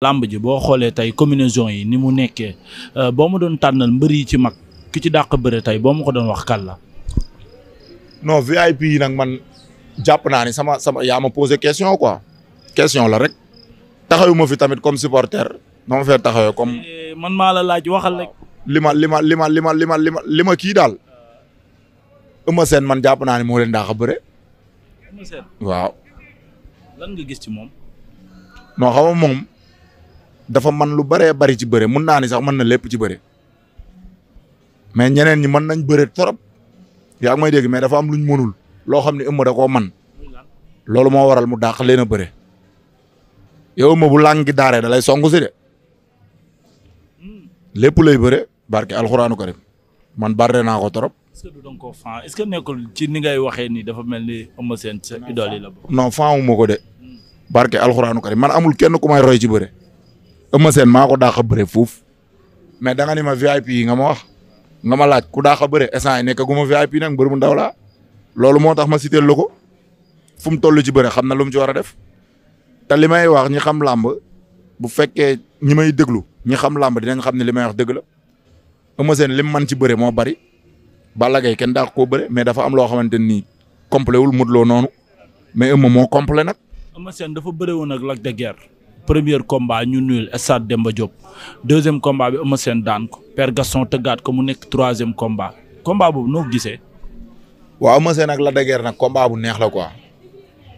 làmb ji boo xoolee tey combinaison yi ni mu nekkee euh, boo ma doon tànnal mbër yi ci mag ki ci dàq bëre tey boo ma ko doon wax kan la. non VIP yi nag man jàpp naa ni sama sama yaa ma posé question quoi question la rek taxawuma fi tamit comme supporter non fee taxawee comme. Eh, man maa la laaj waxal rek. li ma li ma li ma li ma li ma li ma li ma kii daal Eumeu Sène man jàpp naa ne moo leen daax a bëre. Eumeu Sène waaw. lan nga gis ci moom. non xam moom. dafa man lu bëree bari ci bëre mun naa ni sax mën na lépp ci bëre mais ñeneen ñi mën nañ bëre trop yaa ngi may dégg mais dafa am luñ mënul loo xam ne ëmma da koo man loolu moo waral mu dàq leen a bëre yow ëmma bu làng gi dalay da lay song si de lépp lay bëre barke alxuraanu karim man bare naa ko trop. est-ce que ko est-ce que nekkul ci ni ngay waxee nii dafa mel ni ëmma seen sa idole yi la. non ko de. barke alxuraanu karim man amul kenn ku may roy ci bëre. Eumeu Sène maa ko daax a bëre fuuf mais da ni ma VIP yi nga ma wax nga ma laaj ku daax a bëre instant yi nekk gu ma VIP nag mbër mu ndaw laa loolu moo tax ma cité la ko fu mu toll ci bëre xam na lu mu ci war a def te li may wax ñi xam làmb bu fekkee ñi may déglu ñi xam làmb dinañ xam ne li may wax dëgg la seen Sène lim man ci bëre moo bari Balla Gaye kenn daax koo bëre mais dafa am loo xamante ni complet wul Modou loo noonu mais Eumeu moo complet nag. Eumeu Sène dafa bëre woon ak Lac de Guiers. premier combat ñu nuyul stade Demba Diop deuxième combat bi Eumeu Sène daan ko Père Gaston tëggaat ko mu nekk troisième komba combat boobu noo ko gisee. waaw Eumeu Sène ak Lac de Guiers nag combat bu neex la quoi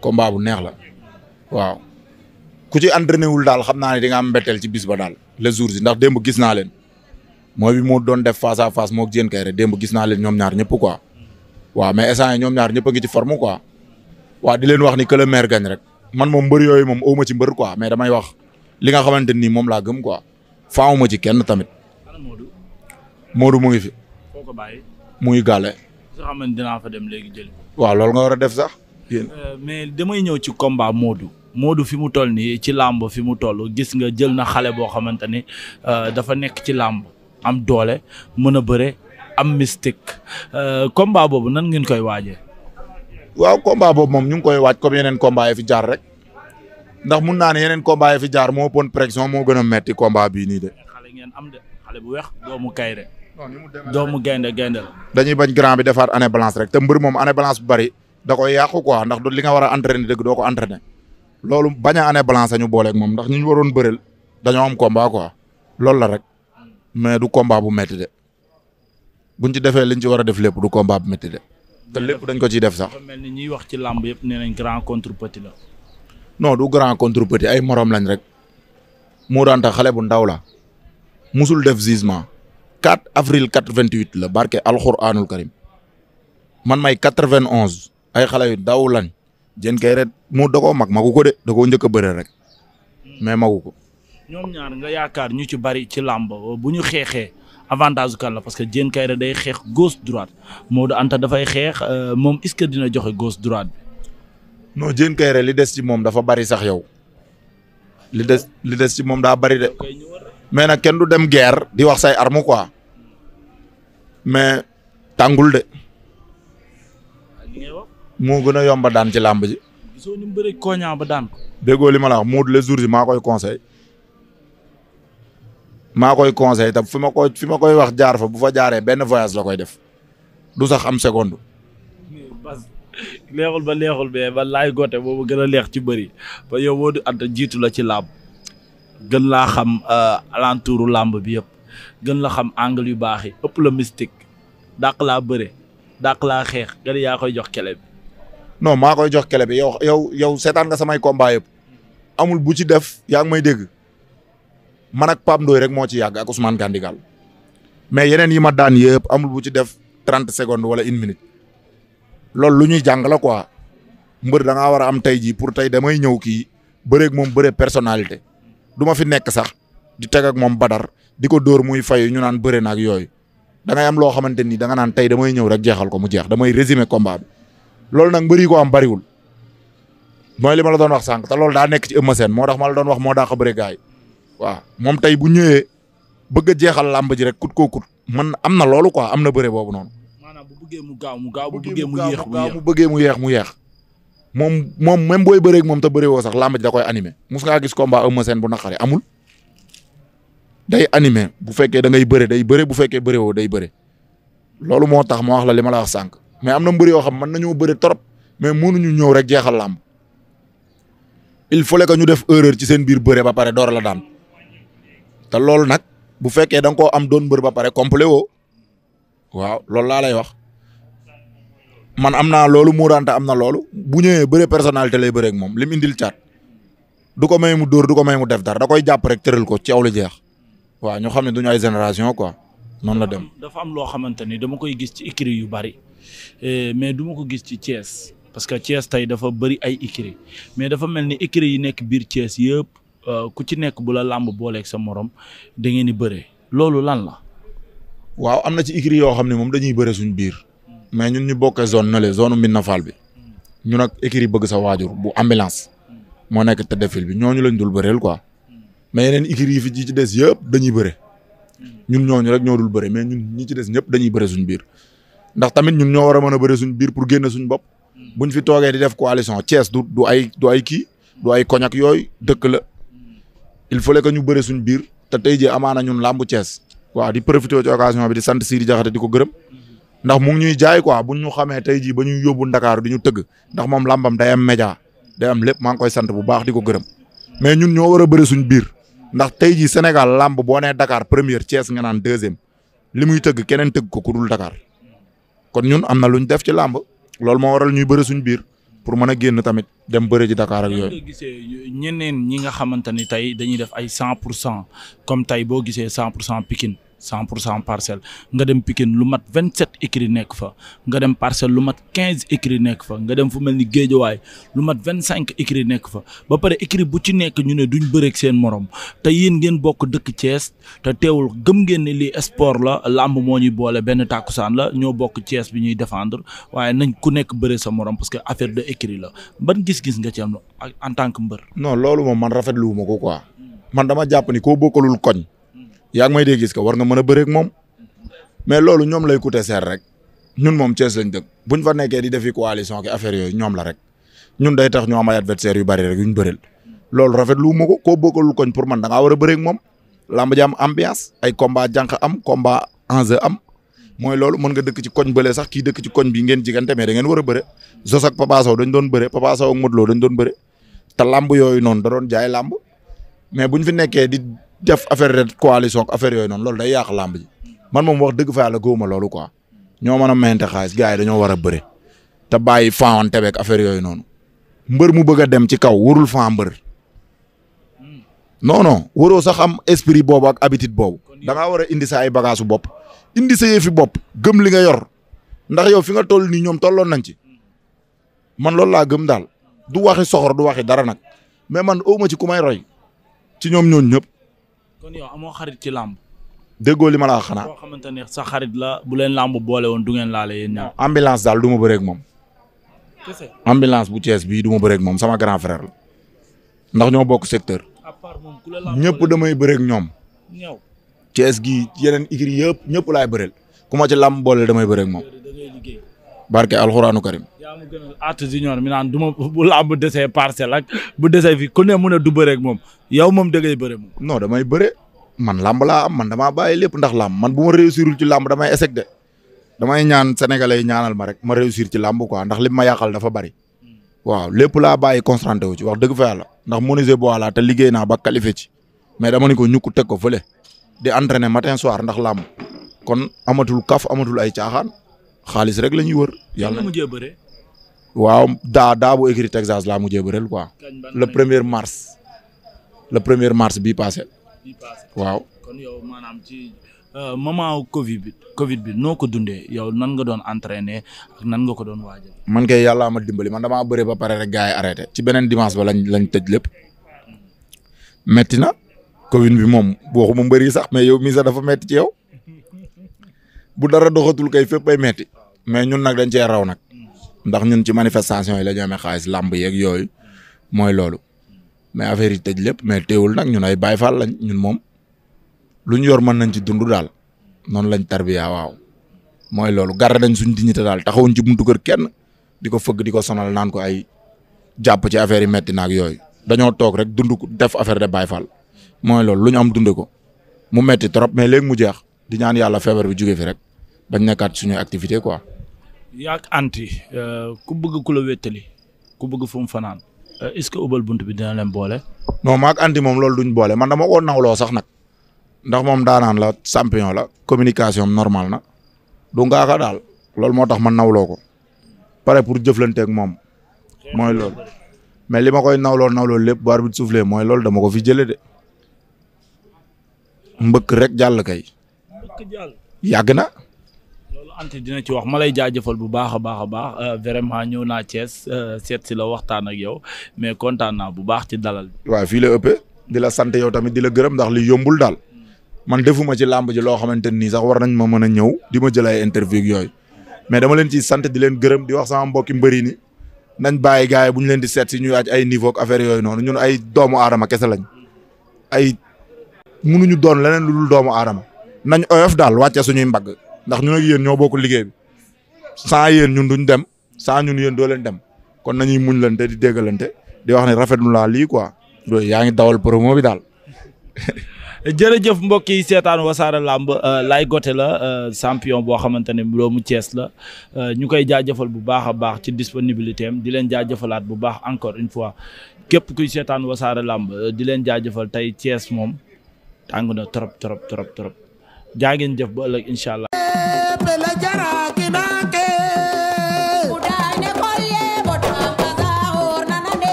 combat bu neex la waaw ku ci entraîné wul daal xam naa ne di nga am mbetteel ci bis ba daal les jours yi ndax démb gis naa leen mooy bi moo doon def face à face moo jën kay rek démb gis naa leen ñoom ñaar ñëpp ko waaw mais instant ñoom ñaar ñëpp ngi ci forme quoi waaw di leen wax ni que le maire rek. man moom mbër yooyu moom aw ma ci mbër quoi mais damay wax li nga xamante ni moom laa gëm quoi faaw ma ci kenn tamit. Modou mu ngi fi. foo ko bàyyi. muy gàlle. soo xam fa dem léegi jël. waaw loolu nga war a def sax. Euh, mais damay ñëw ci combat moodu moodu fi mu toll nii ci làmb fi mu toll gis nga jël na xale boo xamante ni euh, dafa nekk ci làmb am doole mën a bëre am mystique euh, combat boobu nan ngeen koy waajee. waaw combat boobu moom ñu ngi koy waaj comme yeneen combat fi jaar rek ndax mun naa ne yeneen combat fi jaar moo pon pression moo gën a metti combat bii nii de. xale ngeen am de xale bu weex doomu kayre doomu gaynde gaynde dañuy bañ grand bi defaat année balance rek te mbër moom année balance bu bëri da koy yàqu quoi ndax li nga war a entraîner dëgg ko entraîner loolu bañ a année balance ñu booleek moom ndax ñu ñu waroon bëreel dañoo am combat quoi loolu la rek mais du combat bu métti de buñ ci defee liñ ci war a def lépp du combat bu métti de. te lépp dañ ko ci def sax. mel ni ñuy wax ci làmb yëpp nee nañ grand contre petit la. non du grand contre petit ay morom lañ rek moo daan tax xale bu ndaw la musul def gisement 4 avril 88 la barke alxuraanul karim man may 91 ay xale yu ndaw lañ jën kay ret moo da mag magu ko de da koo njëkk a bëre rek mais magu ko. ñoom ñaar nga yaakaar ñu ci bari ci làmb bu ñu xeexee. avantage kan la parce que Diène Kaïré day xeex gauche moo Modou Anta dafay xeex euh, moom est-ce que dina joxe gauche droite bi. non Diène li des ci moom dafa bari sax yow li des li des ci moom daa bari de mais nag kenn du dem guerre di wax say arme quoi mais tàngul de. moo gën a yomba daan ci làmb ji. gisoo ni mu koña ba daan déggoo li ma la les jours yi maa koy conseil maa koy conseil ta fi ma koy ma koy wax jaar fa bu fa jaaree benn voyage la koy def du sax am seconde. neexul ba neexul mais ba laay gote boobu gën a neex ci bëri ba yow Modou Anta jiitu la ci làmb gën laa xam euh, alentouru làmb bi yëpp gën la xam angle yu baax yi ëpp la mystique dàq laa bëre dàq laa xeex gën yaa koy jox kele bi. non maa koy jox kele bi yow yow yow seetaan nga samay combat yëpp amul bu ci def yaa ngi may dégg. man ak Pape Ndoye rek moo ci yàgg ak Ousmane Gandigal mais yeneen yi ma daan yëpp amul bu ci def trente secondes wala une minute loolu lu ñuy jàng la mbër da war a am tey jii pour tey damay ñëw kii bëreeg moom bëre personnalité du ma fi nekk sax di teg moom badar di ko door muy fayu ñu naan bëre naag yooyu danga ngay am loo xamante ni da nga naan tey damay ñëw rek jeexal ko mu jeex damay résumer combat bi loolu nag mbëri ko am bariwul mooy li ma la doon wax sànq te loolu wax moo a bëre gaay waaw moom tey bu ñëwee bëgg jeexal làmb ji rek kut koo kut man am na loolu quoi am na bëre boobu noonu. maanaam bu bëggee mu gaaw mu gaaw bu bëggee mu yéex mu yéex bu bëggee mu yéex mu yéex. moom moom même booy bëreek moom te bëree woo sax làmb ji da koy animé gis ngaa gis combat Eumeu Sène bu naqare amul. day animé bu fekkee da ngay bëre day bëre bu fekkee bëre woo day bëre loolu moo tax moo wax la li ma la wax sànq mais am na mbër yoo xam mën nañoo bëre trop mais ñu ñëw rek jeexal làmb il fallait que ñu def erreur ci seen biir bëre ba pare door la daan te loolu nag bu fekkee da nga koo am doon mbër ba pare complet woo waaw loolu laa lay wax man am naa loolu muurante am na loolu bu ñëwee bëre personnalité lay bëreeg moom lim indil caat du ko may mu dóor du ko may mu def dara da koy jàpp rek tëral ko ceew aw jeex waaw ñu xam ne duñu ay génération quoi noonu la dem. dafa am loo xamante ni dama koy gis ci écurie yu bari eh, mais du ma ko gis ci Thiès parce que Thiès tey dafa bëri ay écurie mais dafa mel ni écurie yi nekk biir Thiès yëpp. Euh, ku ci nekk bu la làmb booleek sa moroom da ngeen di bëre loolu lan la. waaw am na ci écurie yoo xam ne moom dañuy bëre suñ biir. mais ñun ñu bokkee zone nale zone Mbina Fall bi. ñu nag écurie bëgg sa waajur bu ambulance. moo nekk te defil bi ñooñu lañ dul bëreel quoi. mais yeneen écurie yi fi ci des yëpp dañuy bëre. ñun ñooñu rek ñoo dul bëre mais ñun ñi ci des ñëpp dañuy bëre suñ biir. ndax tamit ñun ñoo war a mën a bëre suñ biir pour génn suñ bopp. buñ fi toogee di def coalition Thiès du du ay du ay kii. du ay koñak yooyu dëkk la. il fallait que ñu bëre suñu biir te tey jii amaana ñun làmbu Cees waaw di profité ci occasion bi di sant Sidi Diakhaté di ko gërëm ndax mu ngi ñuy jaay ko buñ ñu xamee tey ji ba ñuy yóbbu Ndakaaru di ñu tëgg ndax moom lambam day am média day am lépp maa ngi koy sant bu baax di ko gërëm mais ñun ñoo war a bëre suñu biir ndax tey jii senegal làmb boo nee Dakar première Thiès nga naan deuxième li muy tëgg keneen tëgg ko ku dul Dakar kon ñun am na luñ def ci làmb loolu moo waral ñuy bëre suñu biir pour mën a génn tamit dem bëre ji Dakar ak yooyu. gisee ñeneen ñi nga xamante ni tey dañuy def ay cent pour cent comme tey boo gisee cent pour cent Pikine cent pour cent parcelle nga dem Pikine lu mat vingt sept écuries nekk fa nga dem parcelle lu mat quinze écuries nekk fa nga dem fu mel ni géejawaay lu mat vingt cinq écuries nekk fa ba pare écurie bu ci nekk ñu ne duñ bëreeg seen morom te yéen ngeen bokk dëkk cees te teewul gëm ngeen ni lii sport la làmb moo ñuy boole benn tàkkusaan la ñoo bokk cees bi ñuy defendre waaye nañ ku nekk bëre sa morom parce que affaire de écurie la ban gis-gis nga ci am en tant que mbër. non loolu moom man rafetlu ma ko quoi. man dama jàpp ni koo bokkalul koñ. yaa ngi may dee gis ko war nga a bëreeg moom mais loolu ñoom lay coûter cher rek ñun moom Thiès lañ dëkk buñ fa nekkee di defi coalition ki affaire yooyu ñoom la rek ñun day tax ñu am ay adversaires yu bari rek yuñ bëril loolu rafet lu ma ko koo koñ pour man danga ngaa war a bëreeg moom làmb ji am ambiance ay combat jànq am combat enjeu am mooy loolu mën nga dëkk ci koñ bële sax kii dëkk ci koñ bi ngeen jigante mais da ngeen war a bëre Zos ak dañ doon bëre Papa Sow doon bëre te yooyu noonu da jaay làmb def affaire de coalition affaire yooyu noonu loolu day yàq làmb ji man moom wax dëgg fa yàlla gëwuma loolu quoi ñoo mën a mayante xaalis gars yi dañoo war a bëre te bàyyi faawoon tebeeg affaire yooyu noonu mbër mu bëgg a dem ci kaw warul faa mbër non non waroo sax am esprit boobu ak habitude boobu da ngaa war a indi sa ay bagaasu bopp indi sa yëfi bopp gëm li nga yor ndax yow fi nga toll nii ñoom tolloon nañ ci man loolu laa gëm daal du waxi soxor du waxi dara nag mais man awma ci ku may ci ñoom ñooñu ñëpp kon yow amoo xarit ci làmb. déggoo li ma la xanaa. koo xamante ne sa xarit la bu leen làmb boole woon du ngeen laale yéen ñaar. ambulance daal du ma bëreeg moom. ambulance bu Thiès bii du ma bëreeg moom sama grand frère la. ndax ñoo bokk secteur. ñëpp damay bëreeg ñoom. Thiès gi yeneen igri yëpp ñëpp laay bëreel. ku ma ci làmb boole damay bëreeg moom. barke alxuraanu karim. yaa ma gënal Atou Junior naan du ma bu làmb desee parcelle ak bu desee fii ku ne mu ne du bëreeg moom yow moom dangay bëre moom. non man làmb laa am man damaa bàyyi lépp ndax làmb man bu ma réussirul ci làmb dama échec de damay ñaan sénégalais yi ñaanal ma rek ma réussir ci làmb quoi ndax li ma yàqal dafa bari. waaw lépp la bàyyi concentré wu ci wax dëgg fa yàlla ndax menuisier bois laa te liggéey naa ba qualifié ci mais dama ne ko ñukk teg ko fële di entraîner matin soir ndax lam kon amatul kaf amatul ay caaxaan xaalis rek la ñuy wër. yàlla na mujjee bëre. waaw daa daa bu écrit Texas laa mujjee bëreel quoi. le première mars. le premier mars bii passé. waaw. kon yow ci euh, moment Covid bi Covid bi noo ko dundee yow nan nga doon entraîner ak nan nga ko doon waajal. man kay yàlla ma dimbali man damaa bëre ba pare rek gars yi arrêté. ci beneen dimanche ba lañ lañ tëj lépp. Hmm. metti na. Covid bi moom waxuma mbëri sax mais yow mii sax dafa metti ci yow. bu dara doxatul kay fépp ay metti mais ñun nag dañ cee raw nag ndax ñun ci manifestation yi lañu amee xaalis làmb yeeg yooyu mooy loolu mais affaire yi tëj lépp mais teewul nag ñun ay Baay lañ ñun moom lu ñu yor mën nañ ci dundu daal noonu lañ tarbiya waaw mooy loolu garde dañ suñ dignité daal taxawuñ ci buntu kër kenn di ko fëgg di ko sonal naan ko ay jàpp ci affaire yi metti naag yooyu dañoo toog rek dund def affaire de bayfal mooy loolu lu ñu am dunde ko mu metti trop mais léegi mu jeex. di ñaan yàlla feebar bi jóge fi rek bañ nekkaat suñu activité quoi. yaak anti euh, ku bëgg ku la wéttali ku bëgg fu mu fanaan. Euh, est-ce que ubal bunt bi dina leen boole. non maak anti moom loolu duñ boole man dama ko nawloo sax nag ndax moom daanaan la sampion la communication normal na du ngaaka daal loolu moo tax man nawloo ko pare pour jëflanteeg moom mooy loolu mais li ma koy nawloo nawloo lépp bu arbitre soufflé mooy loolu dama ko fi jëlee de mbëkk rek jàll kay. yàgg na. loolu Anta dina ci wax ma lay jaajëfal bu baax a baax a baax euh, vraiment ñëw naa cees euh, seet si la waxtaan ak yow mais kontaan naa bu baax ci dalal bi. fii la ëpp di la sant yow tamit di la gërëm ndax li yombul daal man defuma ci làmb ji loo xamante nii sax war nañ ma mën a ñëw di ma jël ay interview yooyu mais dama leen ci sant di leen gërëm di wax sax mbokki mbëri ni nañ bàyyi gars yi bu ñu leen di seet si ñuy aaj ay niveau affaire yooyu noonu ñun ay doomu aadama kese lañ ay doomu aadama nañ oyof daal wàcce suñuy mbagg ndax ñun ak yéen ñoo bokk liggéey bi sans yéen ñun duñ dem sans ñun yéen doo leen dem kon nañuy muñ lante di déggalante di wax ne rafetlu laa lii quoi. yaa ngi dawal promo bi daal. jërëjëf mbokk yi seetaan wasaare làmb euh, Laye Gothé la euh, champion boo xamante ne doomu Thiès la euh, ñu koy jaajëfal bu baax a baax ci disponibilité am di leen jaajëfalaat bu baax encore une fois képp kuy seetaan wasaare làmb di leen jaajëfal tey Thiès moom tàng na trop trop trop trop. jaa ngeen jëf ba ëllëg incha allah.